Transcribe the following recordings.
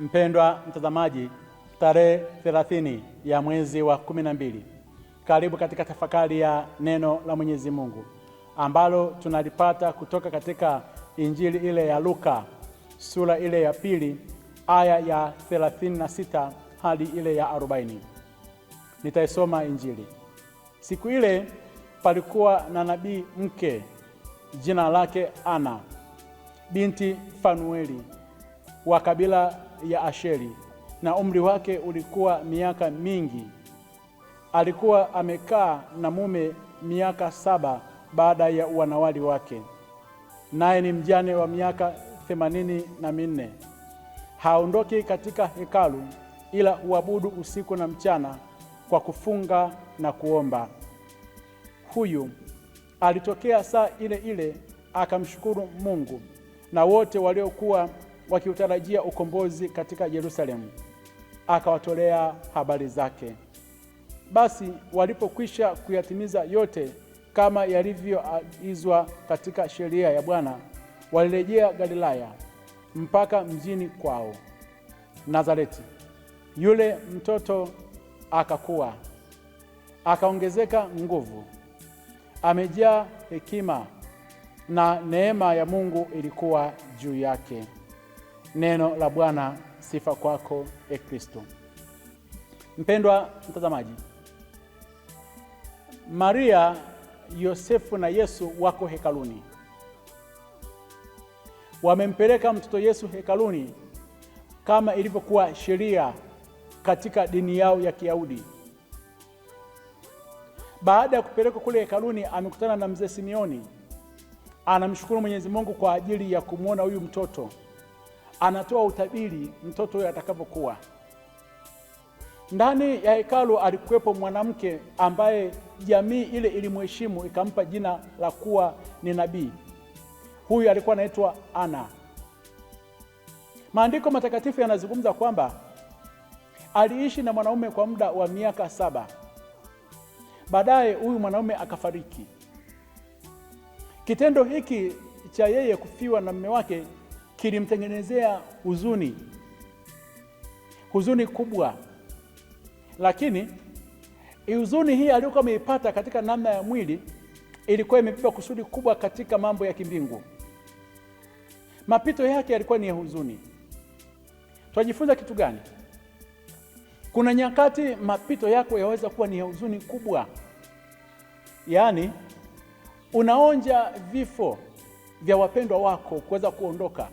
Mpendwa mtazamaji, tarehe 30 ya mwezi wa 12, karibu katika tafakari ya neno la Mwenyezi Mungu ambalo tunalipata kutoka katika Injili ile ya Luka sura ile ya pili aya ya 36 hadi ile ya 40. Nitaisoma Injili. Siku ile palikuwa na nabii mke jina lake Ana binti Fanueli wa kabila ya Asheri na umri wake ulikuwa miaka mingi. Alikuwa amekaa na mume miaka saba baada ya wanawali wake, naye ni mjane wa miaka themanini na minne. Haondoki katika hekalu, ila huabudu usiku na mchana kwa kufunga na kuomba. Huyu alitokea saa ile ile akamshukuru Mungu, na wote waliokuwa wakiutarajia ukombozi katika Yerusalemu, akawatolea habari zake. Basi walipokwisha kuyatimiza yote kama yalivyoagizwa katika sheria ya Bwana, walirejea Galilaya mpaka mjini kwao Nazareti. Yule mtoto akakuwa, akaongezeka nguvu, amejaa hekima, na neema ya Mungu ilikuwa juu yake. Neno la Bwana. Sifa kwako e Kristo. Mpendwa mtazamaji, Maria, Yosefu na Yesu wako hekaluni, wamempeleka mtoto Yesu hekaluni kama ilivyokuwa sheria katika dini yao ya Kiyahudi. Baada ya kupelekwa kule hekaluni, amekutana na mzee Simeoni, anamshukuru Mwenyezi Mungu kwa ajili ya kumwona huyu mtoto anatoa utabiri mtoto huyo atakavyokuwa. Ndani ya hekalu alikuwepo mwanamke ambaye jamii ile ilimheshimu ikampa jina la kuwa ni nabii. Huyu alikuwa anaitwa Ana. Maandiko matakatifu yanazungumza kwamba aliishi na mwanaume kwa muda wa miaka saba. Baadaye huyu mwanaume akafariki. Kitendo hiki cha yeye kufiwa na mume wake kilimtengenezea huzuni, huzuni kubwa. Lakini huzuni hii aliyokuwa ameipata katika namna ya mwili ilikuwa imebeba kusudi kubwa katika mambo ya kimbingu. Mapito yake yalikuwa ni ya huzuni. Twajifunza kitu gani? Kuna nyakati mapito yako yaweza kuwa ni ya huzuni kubwa, yaani unaonja vifo vya wapendwa wako kuweza kuondoka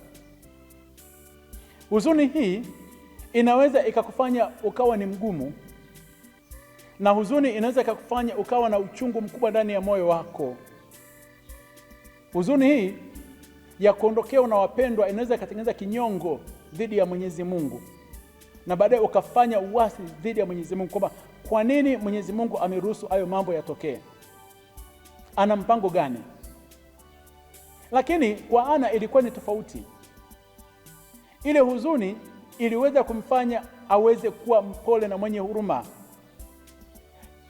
Huzuni hii inaweza ikakufanya ukawa ni mgumu, na huzuni inaweza ikakufanya ukawa na uchungu mkubwa ndani ya moyo wako. Huzuni hii ya kuondokewa na wapendwa inaweza ikatengeneza kinyongo dhidi ya Mwenyezi Mungu, na baadaye ukafanya uasi dhidi ya Mwenyezi Mungu, kwamba kwa nini Mwenyezi Mungu ameruhusu hayo mambo yatokee? Ana mpango gani? Lakini kwa Ana ilikuwa ni tofauti. Ile huzuni iliweza kumfanya aweze kuwa mpole na mwenye huruma.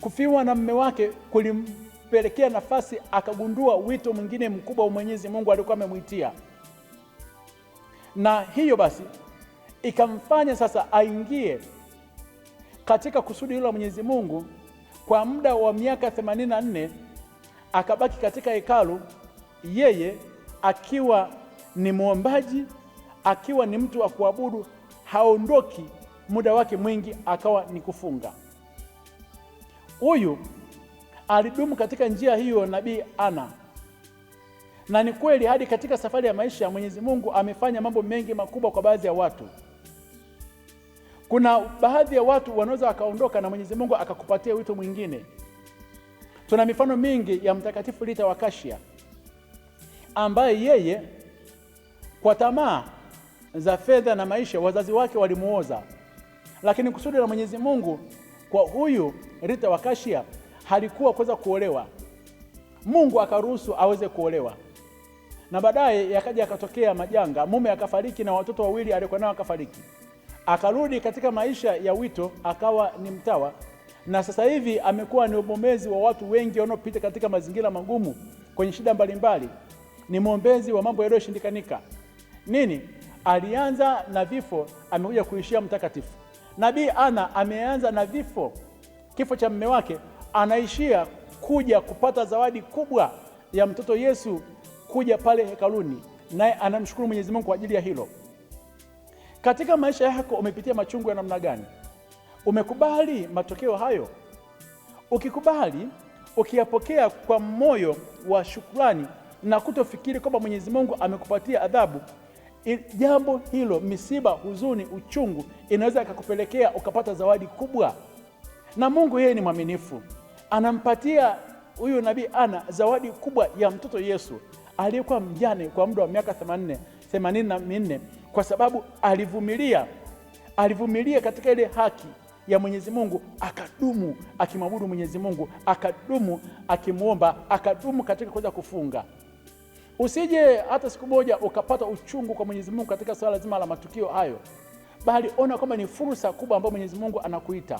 Kufiwa na mme wake kulimpelekea nafasi akagundua wito mwingine mkubwa wa Mwenyezi Mungu alikuwa amemwitia, na hiyo basi ikamfanya sasa aingie katika kusudi hilo la Mwenyezi Mungu kwa muda wa miaka 84 akabaki katika hekalu, yeye akiwa ni mwombaji akiwa ni mtu wa kuabudu haondoki, muda wake mwingi akawa ni kufunga. Huyu alidumu katika njia hiyo nabii Ana, na ni kweli hadi katika safari ya maisha Mwenyezi Mungu amefanya mambo mengi makubwa kwa baadhi ya watu. Kuna baadhi ya watu wanaweza wakaondoka na Mwenyezi Mungu akakupatia wito mwingine. Tuna mifano mingi ya Mtakatifu Rita wa Kashia ambaye yeye kwa tamaa za fedha na maisha, wazazi wake walimuoza, lakini kusudi la Mwenyezi Mungu kwa huyu Rita wa Kashia halikuwa kuweza kuolewa. Mungu akaruhusu aweze kuolewa, na baadaye yakaja yakatokea majanga, mume akafariki na watoto wawili aliokuwa nao akafariki. Akarudi katika maisha ya wito, akawa ni mtawa, na sasa hivi amekuwa ni mwombezi wa watu wengi wanaopita katika mazingira magumu, kwenye shida mbalimbali, ni mwombezi wa mambo yaliyoshindikanika nini alianza na vifo, amekuja kuishia mtakatifu. Nabii Ana ameanza na vifo, kifo cha mme wake, anaishia kuja kupata zawadi kubwa ya mtoto Yesu kuja pale hekaluni, naye anamshukuru Mwenyezi Mungu kwa ajili ya hilo. Katika maisha yako umepitia machungu ya namna gani? Umekubali matokeo hayo? Ukikubali, ukiyapokea kwa moyo wa shukrani na kutofikiri kwamba Mwenyezi Mungu amekupatia adhabu jambo hilo, misiba, huzuni, uchungu, inaweza ikakupelekea ukapata zawadi kubwa. Na Mungu yeye ni mwaminifu, anampatia huyu nabii Ana zawadi kubwa ya mtoto Yesu aliyekuwa mjane kwa muda wa miaka themanini na minne kwa sababu alivumilia, alivumilia katika ile haki ya Mwenyezi Mungu, akadumu akimwabudu Mwenyezi Mungu, akadumu akimwomba, akadumu katika kuweza kufunga. Usije hata siku moja ukapata uchungu kwa Mwenyezi Mungu katika swala zima la matukio hayo, bali ona kwamba ni fursa kubwa ambayo Mwenyezi Mungu anakuita,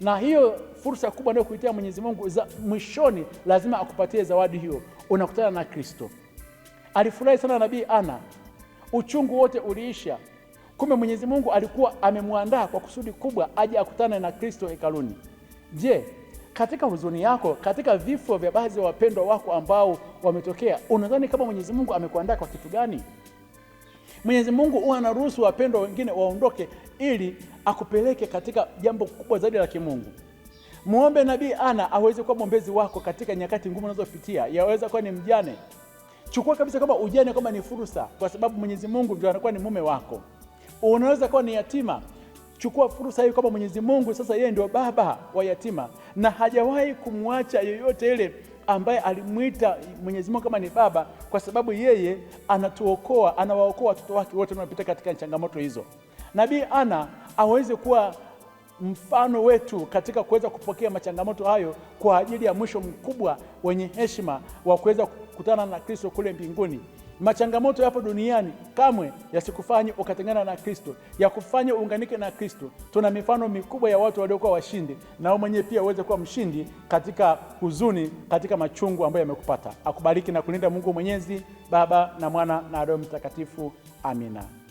na hiyo fursa kubwa anayokuitia Mwenyezi Mungu za mwishoni lazima akupatie zawadi hiyo. Unakutana na Kristo. Alifurahi sana Nabii Ana, uchungu wote uliisha. Kumbe Mwenyezi Mungu alikuwa amemwandaa kwa kusudi kubwa aje akutane na Kristo hekaluni. Je, katika huzuni yako, katika vifo vya baadhi ya wapendwa wako ambao wametokea, unadhani kama Mwenyezi Mungu amekuandaa kwa kitu gani? Mwenyezi Mungu huwa anaruhusu wapendwa wengine waondoke ili akupeleke katika jambo kubwa zaidi la kimungu. Muombe Nabii Ana aweze kuwa mwombezi wako katika nyakati ngumu unazopitia, yaweza kuwa ni mjane. Chukua kabisa kama ujane kama ni fursa, kwa sababu Mwenyezi Mungu ndio anakuwa ni mume wako. Unaweza kuwa ni yatima Chukua fursa hii kwamba Mwenyezi Mungu sasa yeye ndio baba wa yatima na hajawahi kumwacha yoyote ile ambaye alimwita Mwenyezi Mungu kama ni baba, kwa sababu yeye anatuokoa, anawaokoa watoto wake wote wanaopita katika changamoto hizo. Nabii Ana aweze kuwa mfano wetu katika kuweza kupokea machangamoto hayo kwa ajili ya mwisho mkubwa wenye heshima wa kuweza kukutana na Kristo kule mbinguni. Machangamoto yapo duniani, kamwe yasikufanye ukatengana na Kristo, yakufanye uunganike na Kristo. Tuna mifano mikubwa ya watu waliokuwa washindi, na wewe mwenyewe pia uweze kuwa mshindi katika huzuni, katika machungu ambayo yamekupata. Akubariki na kulinda Mungu Mwenyezi, Baba na Mwana na Roho Mtakatifu. Amina.